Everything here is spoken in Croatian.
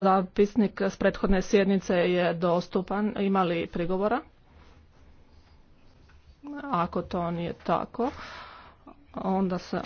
Zapisnik s prethodne sjednice je dostupan. Ima li prigovora? Ako to nije tako, onda se